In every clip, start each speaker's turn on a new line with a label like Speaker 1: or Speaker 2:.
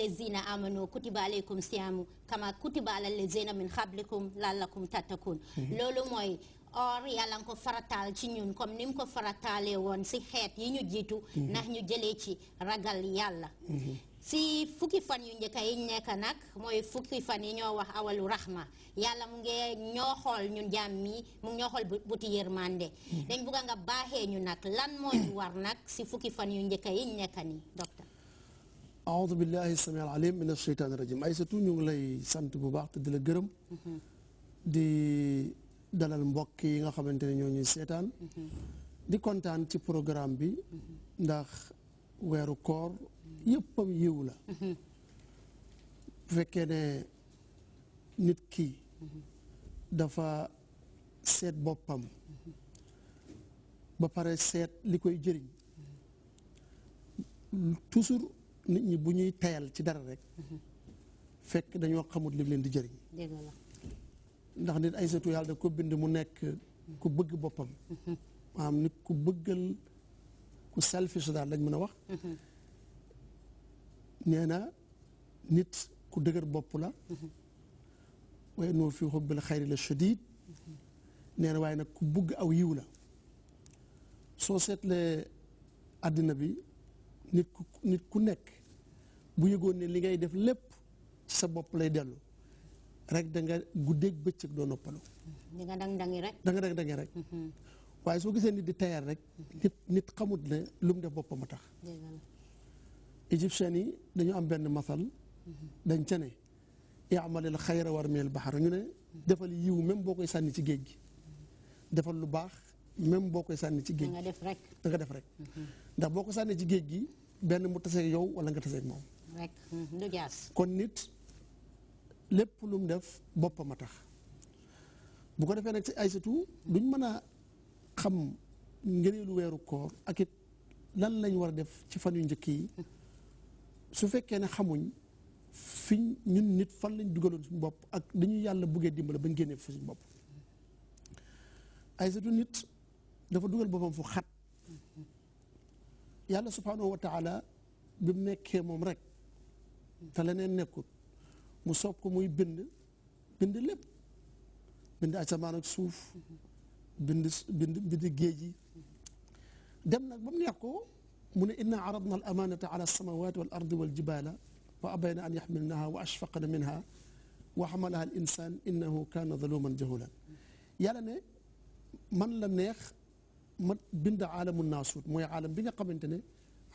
Speaker 1: lezina amanu kutiba aleykum siyamu kama kutiba ala lezina min xablikum lalakum tattakun loolu mooy or yàlla nga ko farataal ci ñun comme ni ko farataalee woon si xeet yi ñu jiitu ndax ñu jëlee ci ragal yàlla si fukki fan yu njëkk yi nekk nag mooy fukki fan yi ñoo wax awalu rahma yàlla mu ngi ñoo xool ñun jaam mi mu ngi ñoo xool buti yërmande dañ bugga nga baaxee ñu nag lan moo war nag si fukki fan yu njëkk yi nekk nii aoudu billahi sami alalim min asheytaani rajim ay surtout ñu ngi lay sant bu baax te di la gërëm di dalal mbokk yi nga xamante ne ñoo ñuy seetaan di kontaan ci programme bi ndax weeru koor yëppam yiw la bu fekkee ne nit ki dafa seet boppam ba pare seet li koy jëriñ toujours nit ñi bu ñuy tayal ci dara rek fekk dañoo xamut li leen di jëriñ ndax nit ay satu yàlla da ko bind mu nekk ku bëgg boppam maanaam nit ku bëggal ku selfish daal lañ mën a wax nee na nit ku dëgër bopp la waaye noo fi xubbil xayri la shadid nee na waaye nag ku bëgg aw yiw la soo seetlee àddina bi nit ku nit ku nekk bu yëgoon ne li ngay def lep sa bopp lay rek da nga guddeeg bëccëg doo noppalu. da nga dang dangi rek. da nga dang dangi rek. Mhm. waaye soo gisee nit di tayaar rek. nit nit xamut ne lu def boppam a tax. égyptiens yi dañu am benn masal. dañ ca ne yaamalil xayra war meel baxar ñu ne. defal yiw même boo koy ci gi. defal lu baax même boo koy ci géej nga def rek da nga def rek. Mhm. ndax boo ko ci géej gi benn mu taseeg yow wala nga rek du kon nit lépp lum def boppam a tax bu ko defee nag si Aysatu duñ mën a xam ngëneelu weeru koor ak it lan lañ war a def ci fan yu njëkk yi su fekkee ne xamuñ fi ñun nit fan lañ dugaloon suñu bopp ak dañuy yàlla buggee dimbale bañ génnee fu suñu bopp Aysatu nit dafa dugal boppam fu xat yàlla subhanahu wa taala bi mu nekkee moom rek تلنين نكون مصابك موي بند بند لب بند أجمعانك سوف بند بند بند جيجي دمنا بمن يقو من إن عرضنا الأمانة على السماوات والأرض والجبال وأبين أن يحملنها وأشفقنا منها وحملها الإنسان إنه كان ظلوما جهولا يالنا من لم نيخ بند عالم الناسوت موي عالم بين قبنتني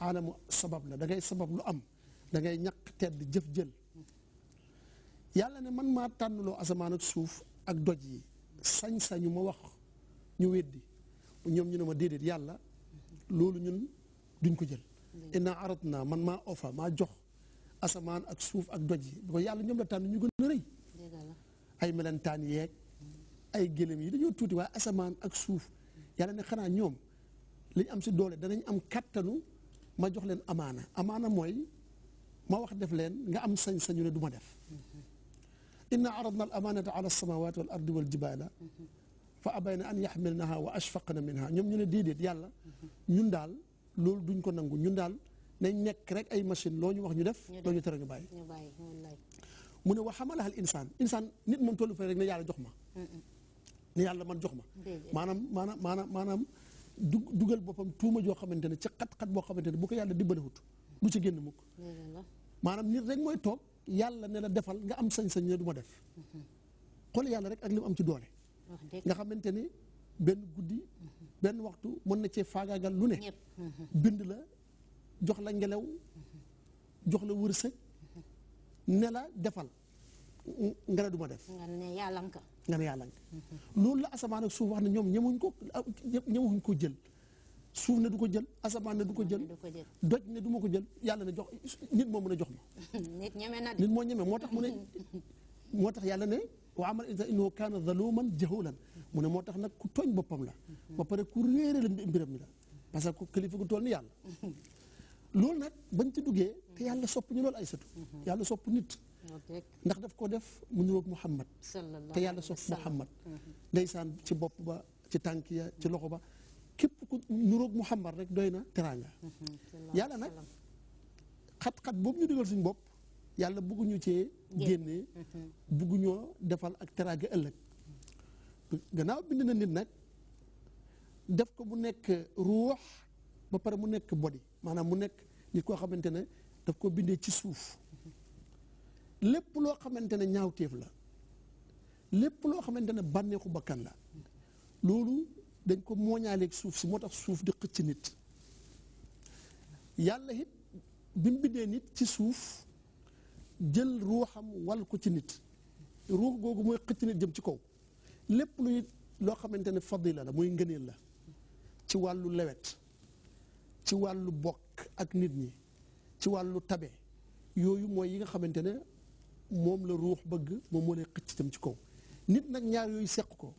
Speaker 1: عالم سبب لا سبب لو أم da ngay ñaq tedd jëf jël yàlla ne man maa tànnuloo asamaan ak suuf ak doj yi sañ-sañu ma wax ñu weddi ñoom ñu ne ma déedéet yàlla loolu ñun duñ ko jël inna arat naa man maa ofa jox asamaan ak suuf ak doj yi yàlla ñoom la tànn ñu gën a rëy ay melentaan yeeg ay gëlëm yi dañoo tuuti waaye asamaan ak suuf yàlla ne xanaa ñoom li am si doole danañ am kattanu ma jox leen amaana amaana mooy ma wax def leen nga am sañ-sañu ne du ma def inna aradna al amanata ala alsamawat wal ardi wal jibala fa abayna an yaxmilnaha wa ashfaqna minha ñoom ñu ne déedéet yàlla ñun daal loolu duñ ko nangu ñun daal nañ nekk rek ay machine loo ñu wax ñu def loo ñu tere ñu bàyyi mu ne wa xamalaha al insaan insaan nit moom tollu fa rek ne yàlla jox ma ne yàlla man jox ma maanaam maanaam maanaam maanaam du dugal boppam tuuma joo xamante ne ci xat-xat boo xamante ne bu ko yàlla dimbalewut du ci génn mukk maanaam nit rek mooy toog yàlla ne la defal nga am sañ-sañ ne du ma def xool yàlla rek ak li am ci doole nga xamante ne benn guddi benn waxtu mën na cee faagaagal lu ne bind la jox la ngelaw jox la wërsëg nela defal nga ne du ma def nga ne yàllanka loolu la asamaan ak suuf wax ne ñoom ñemuñ ko ñemuñ ko jël suuf ne du ko jël asamaan ne du ko jël. doj ne duma ko jël yàlla ne jox nit moo mën a jox ma. nit ñeme moo ñeme moo tax mu ne. moo tax yàlla ne wa amal iza innahu kaana zaluman jahulan mu ne moo tax nag ku tooñ boppam la. ba pare ku réere la mbiram mi la. parce que kilifa gu toll ni yàlla. loolu nag bañ ci duggee te yàlla sopp ñu loolu ay sëtu. Mhm. yàlla sopp nit. ndax daf ko def mu niroog Muhammad. te yàlla sopp Muhammad. Mhm. ndeysaan ci bopp ba ci tànk ya ci loxo ba. képp ku mu Muhammad rek doy na teraanga mhm, yàlla nag xat-xat boobu ñu digal suñu bopp yàlla bugguñu cee génne mhm. bëgguñoo defal ak teraanga ëllëg gannaaw bind na nit nag def ko mu nekk ruux ba pare mu nekk body maanaam mu nekk nit koo xamante ne daf koo bindee ci suuf mhm. lépp loo xamante ne ñaawteef la lépp loo xamante ne bànneexu bakkan la loolu dañ ko mooñaaleek suuf si moo tax suuf di xëcc nit yàlla it bi mu bindee nit ci suuf jël ruuxam wal ko ci nit ruux googu mooy xëcc nit jëm ci kaw lépp luy loo xamante ne fadila la muy ngëneel la ci wàllu lewet ci wàllu bokk ak nit ñi ci wàllu tabe yooyu mooy yi nga xamante ne moom la ruux bëgg moom moo lay xëcc jëm ci kaw nit nag ñaar yooyu seq ko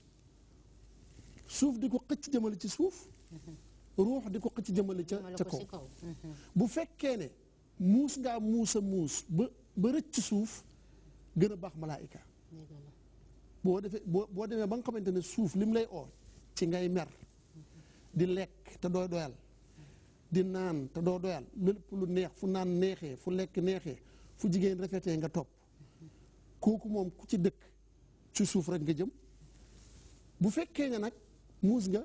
Speaker 1: suuf di ko xëcc jëmale ci suuf ruux di ko xëcc jëmale ca ca kaw mhm. fekkee ne muus ngaa muus a muus ba ba suuf gën a baax malaayika boo defee boo demee ba nga xamante ne suuf lim lay oo ci ngay mer di lekk te doo doyal di naan te doo doyal lépp lu neex fu naan neexee fu lekk neexee fu jigéen rafetee nga topp kooku moom ku ci dëkk ci suuf rek nga jëm bu fekkee ne nag muus nga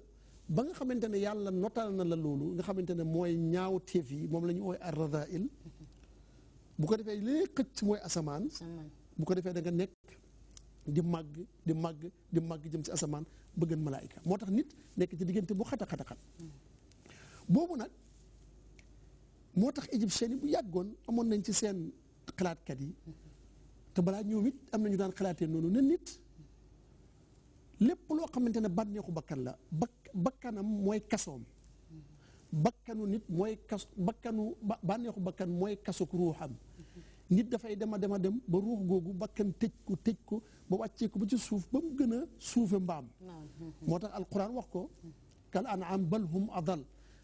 Speaker 1: ba nga xamante ne yàlla notal na la loolu nga xamante ne mooy ñaaw teef yi moom la ñu ooy arradail bu ko defee li xëcc mooy asamaan bu ko defee da nga nekk di màgg di màgg di màgg jëm ci asamaan ba gën malaayika moo tax nit nekk ci diggante bu xata xata xat boobu nag moo tax égyptiens yi bu yàggoon amoon nañ ci seen xalaatkat yi te balaa ñoom it am na ñu daan xalaatee noonu ne nit lépp loo xamante ne bànneexu bakkan la bakkanam mooy kasoom bakkanu nit mooy kas bakkanu bànneexu bakkan mooy kasuk ruuxam nit dafay dema dema dem ba ruux googu bakkan tëj ko tëj ko ba wàccee ko ba ci suuf ba mu gën a suufe mbaam moo tax alquran wax ko kal an'am bal hum adal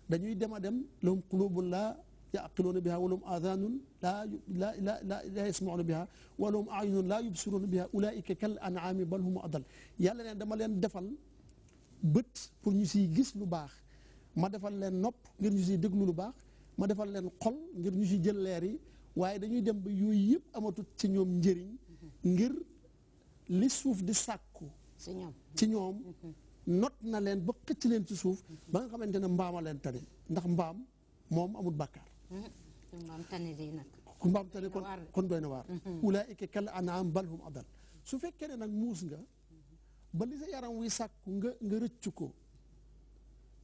Speaker 1: dañuy dema dem lahum qulubun la يعقلون بها ولهم آذان لا لا لا لا, لا يسمعون بها ولهم أعين لا يبصرون بها أولئك كالأنعام بل هم أضل يلا لين دمال لين دفل بيت بور نيسي غيس لو باخ ما دفال لين نوب غير نيسي دغلو لو باخ ما دفال لين خول غير نيسي جيل ليري واي دانيو ديم با يوي ييب اماتو تي نيوم نجيرين غير لي سوف دي ساكو سينيوم تي نيوم نوت نالين با خيتلين سي سوف با خامتاني مبام لين تاري نداخ مبام موم امول بكار ku mbaam tane kon kon doy na waar mm-hmm. ulaayika kal anaam bal hum adal su fekkee ne nag muus nga ba li sa yaram wi sàkku nga nga rëccu ko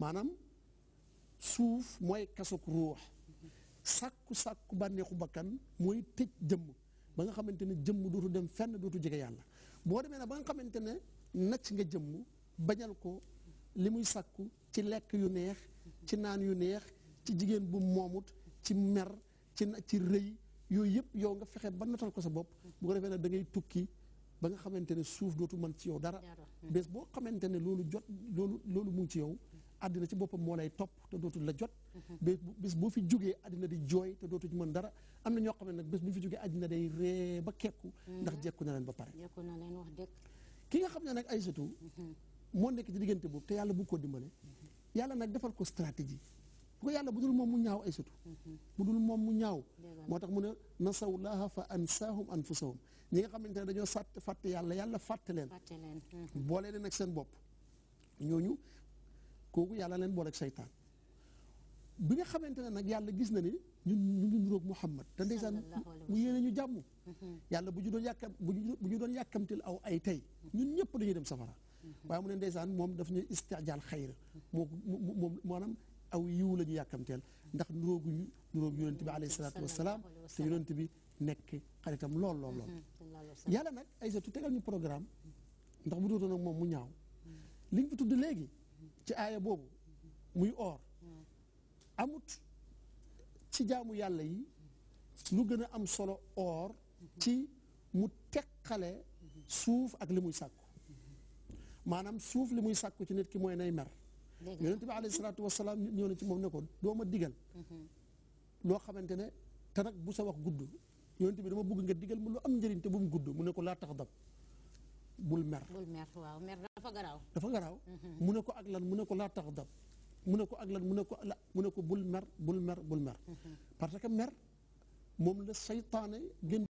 Speaker 1: maanaam suuf mooy kasuk ruux sàkku sàkku bànneexu bakkan mooy tëj jëmm ba nga xamante ne jëmm dootu dem fenn dootu jege yàlla boo demee nag ba nga xamante ne nacc nga jëmm bañal ko li muy sàkku ci lekk yu neex ci naan yu neex ci jigéen bu moomut ci mer ci na ci rëy yooyu yëpp yow nga fexe ba notal ko sa bopp bu ko defee nag da ngay tukki ba nga xamante ne suuf dootu mën ci yow dara hmm. bés boo xamante ne loolu jot loolu loolu mu ngi ci yow àddina ci boppam moo lay topp te dootul la jot hmm. bés bés boo fi jógee àddina di jooy te dootuñ mën dara am na ñoo xam ne nag bés bu fi jógee àddina day ree ba kekku hmm. ndax jekku na leen ba pare ki nga xam ne nag ay surtout moo nekk ci diggante boobu te yàlla bu ko dimbale yàlla nag defal ko stratégie bu ko yàlla bu dul moom mu ñaaw ay sutu mm-hmm. bu dul moom mu ñaaw moo tax mu ne nasawullaha fa ansaahum anfusahum ñi nga xamante ne dañoo sàtt fàtt yàlla yàlla fàtte leen mm-hmm. boole leen ak seen bopp ñooñu kooku yàlla leen boole ak seytaan bi nga xamante ne nag yàlla gis na ni ñun ñu ngi nuróog te ndeysaan mu yéene ñu jàmm mm-hmm. yàlla bu ñu doon yàkkam bu ñu doon yàkkamtil aw ay tey ñun ñëpp dañuy dem safara waaye mu ne ndeysaan moom daf ñuy istijaal xayr moo moom maanaam aw yiw la ñu yàkkamteel ndax nuróoguñu nuróog yonent bi alayhi salaatu wasalaam te yonent bi nekk xaritam lool lool lool mm-hmm. yàlla nag ay sa tu tegal ñu programme ndax bu dootoon nag moom mu ñaaw mm-hmm. liñ fi tudd léegi mm-hmm. ci aaya boobu muy oor amut ci jaamu yàlla yi lu gën a am solo oor ci mu teqale suuf ak li muy sàkku maanaam suuf li muy sàkku ci nit ki mooy nay mer yonent bi alayhi salaatu wasalaam ñëw na ci moom ne ko doo ma digal loo xamante ne te nag bu sa wax gudd yonent bi dama bëgg nga digal ma lu am njëriñ te bu mu gudd mu ne ko laa tax dab bul mer bul mer waaw mer dafa garaaw dafa garaaw mu ne ko ak lan mu ne ko laa tax dab mu ne ko ak lan mu ne ko la mu ne ko bul mer bul mer bul mer parce que mer moom la saytaane gën